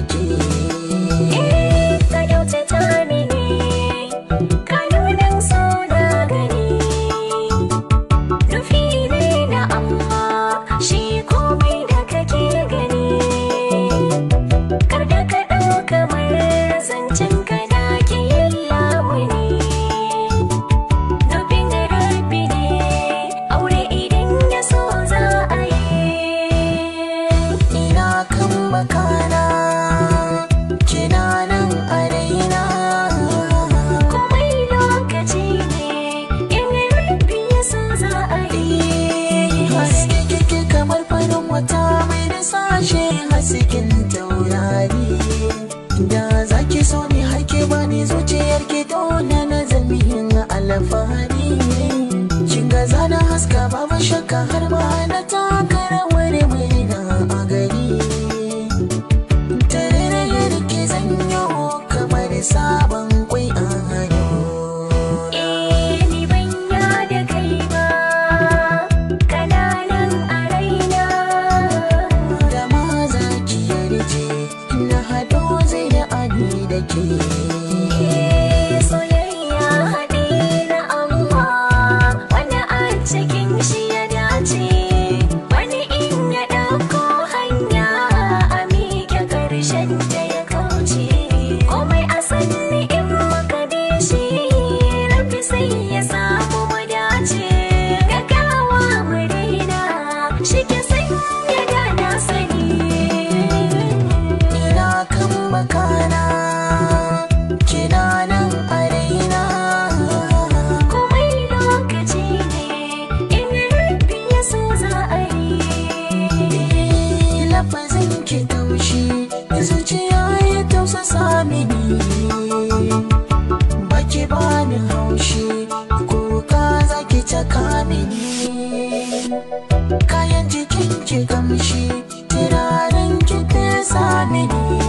da ke cikin taurari da zaki ki so ni haike zuciyar ki tauna na zamihin alfahari kin ga zana haska babu shakka har ba go to zuciya ya tausasa mini baki bani haushi kuka zaki caka mini kayan jikin ki gamshi turaren ki pesa mini